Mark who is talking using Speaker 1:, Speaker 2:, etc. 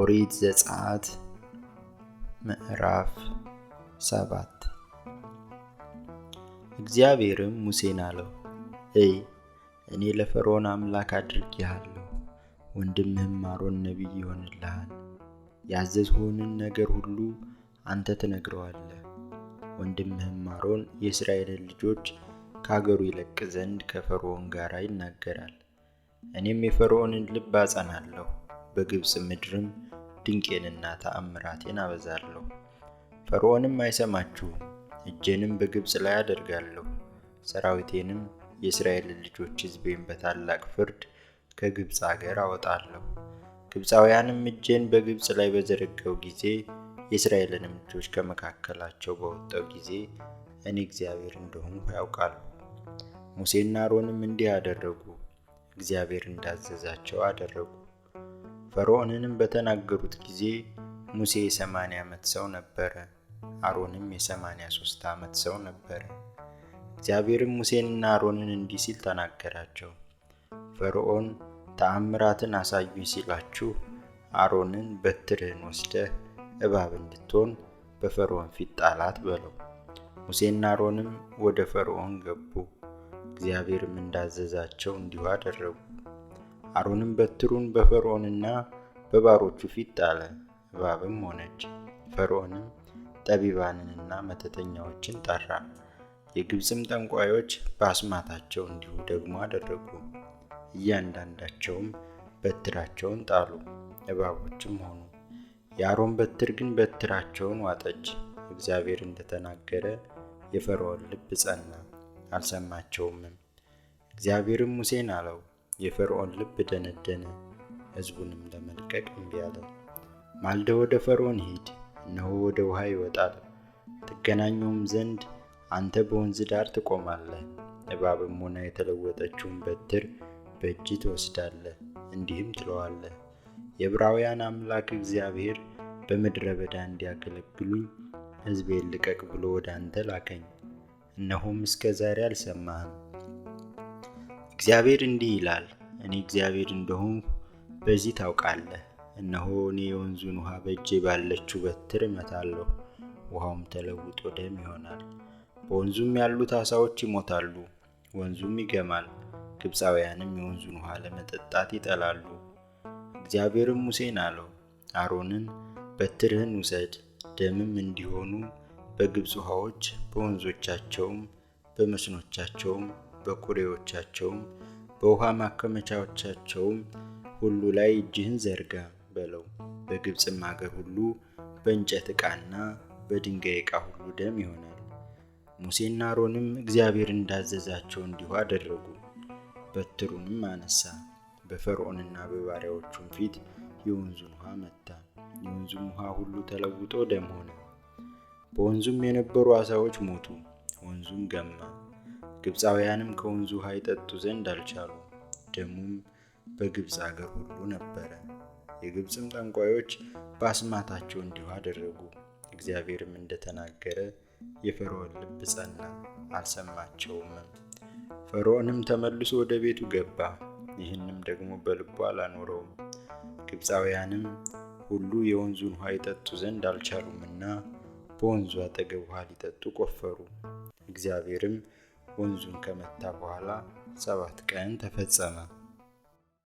Speaker 1: ኦሪት ዘጸአት ምዕራፍ ሰባት እግዚአብሔርም ሙሴን አለው፣ እይ እኔ ለፈርዖን አምላክ አድርጌሃለሁ፣ ወንድምህም አሮን ነቢይ ይሆንልሃል። ያዘዝሆንን ነገር ሁሉ አንተ ትነግረዋለህ። ወንድምህም አሮን የእስራኤልን ልጆች ከአገሩ ይለቅ ዘንድ ከፈርዖን ጋር ይናገራል። እኔም የፈርዖንን ልብ አጸናለሁ በግብፅ ምድርም ድንቄንና ተአምራቴን አበዛለሁ። ፈርዖንም አይሰማችሁም፣ እጄንም በግብፅ ላይ አደርጋለሁ፣ ሰራዊቴንም የእስራኤልን ልጆች ሕዝቤን በታላቅ ፍርድ ከግብፅ አገር አወጣለሁ። ግብፃውያንም እጄን በግብፅ ላይ በዘረጋው ጊዜ የእስራኤልንም ልጆች ከመካከላቸው በወጣው ጊዜ እኔ እግዚአብሔር እንደሆንኩ ያውቃሉ። ሙሴና አሮንም እንዲህ አደረጉ፣ እግዚአብሔር እንዳዘዛቸው አደረጉ። ፈርዖንንም በተናገሩት ጊዜ ሙሴ የሰማንያ ዓመት ሰው ነበረ፣ አሮንም የ83 ዓመት ሰው ነበረ። እግዚአብሔርም ሙሴንና አሮንን እንዲህ ሲል ተናገራቸው። ፈርዖን ተአምራትን አሳዩኝ ሲላችሁ አሮንን በትርህን ወስደህ እባብ እንድትሆን በፈርዖን ፊት ጣላት በለው። ሙሴና አሮንም ወደ ፈርዖን ገቡ፣ እግዚአብሔርም እንዳዘዛቸው እንዲሁ አደረጉ። አሮንም በትሩን በፈርዖንና በባሮቹ ፊት ጣለ፣ እባብም ሆነች። ፈርዖንም ጠቢባንንና መተተኛዎችን ጠራ፣ የግብፅም ጠንቋዮች በአስማታቸው እንዲሁ ደግሞ አደረጉ። እያንዳንዳቸውም በትራቸውን ጣሉ፣ እባቦችም ሆኑ። የአሮን በትር ግን በትራቸውን ዋጠች። እግዚአብሔር እንደተናገረ የፈርዖን ልብ ጸና፣ አልሰማቸውምም። እግዚአብሔርም ሙሴን አለው የፈርዖን ልብ ደነደነ፣ ሕዝቡንም ለመልቀቅ እምቢ አለ። ማልደ ወደ ፈርዖን ሂድ፣ እነሆ ወደ ውኃ ይወጣል፣ ትገናኘውም ዘንድ አንተ በወንዝ ዳር ትቆማለህ፣ እባብም ሆና የተለወጠችውን በትር በእጅ ትወስዳለህ። እንዲህም ትለዋለህ፣ የዕብራውያን አምላክ እግዚአብሔር በምድረ በዳ እንዲያገለግሉኝ ሕዝቤን ልቀቅ ብሎ ወደ አንተ ላከኝ። እነሆም እስከ ዛሬ አልሰማህም እግዚአብሔር እንዲህ ይላል፣ እኔ እግዚአብሔር እንደሆንሁ በዚህ ታውቃለህ። እነሆ እኔ የወንዙን ውሃ በእጄ ባለችው በትር እመታለሁ፣ ውሃውም ተለውጦ ደም ይሆናል። በወንዙም ያሉት አሳዎች ይሞታሉ፣ ወንዙም ይገማል፣ ግብፃውያንም የወንዙን ውሃ ለመጠጣት ይጠላሉ። እግዚአብሔርም ሙሴን አለው፣ አሮንን በትርህን ውሰድ፣ ደምም እንዲሆኑ በግብፅ ውሃዎች በወንዞቻቸውም በመስኖቻቸውም በኩሬዎቻቸውም በውሃ ማከመቻዎቻቸውም ሁሉ ላይ እጅህን ዘርጋ በለው። በግብፅም አገር ሁሉ በእንጨት ዕቃና በድንጋይ ዕቃ ሁሉ ደም ይሆናል። ሙሴና አሮንም እግዚአብሔር እንዳዘዛቸው እንዲሁ አደረጉ። በትሩንም አነሳ፣ በፈርዖንና በባሪያዎቹም ፊት የወንዙን ውሃ መታ። የወንዙም ውሃ ሁሉ ተለውጦ ደም ሆነ። በወንዙም የነበሩ ዓሣዎች ሞቱ። ወንዙም ገማ። ግብፃውያንም ከወንዙ ውሃ ይጠጡ ዘንድ አልቻሉ። ደሙም በግብፅ አገር ሁሉ ነበረ። የግብፅም ጠንቋዮች በአስማታቸው እንዲሁ አደረጉ። እግዚአብሔርም እንደተናገረ የፈርዖን ልብ ጸና፣ አልሰማቸውም። ፈርዖንም ተመልሶ ወደ ቤቱ ገባ፣ ይህንም ደግሞ በልቡ አላኖረውም። ግብፃውያንም ሁሉ የወንዙን ውሃ ይጠጡ ዘንድ አልቻሉምና በወንዙ አጠገብ ውሃ ሊጠጡ ቆፈሩ። እግዚአብሔርም ወንዙን ከመታ በኋላ ሰባት ቀን ተፈጸመ።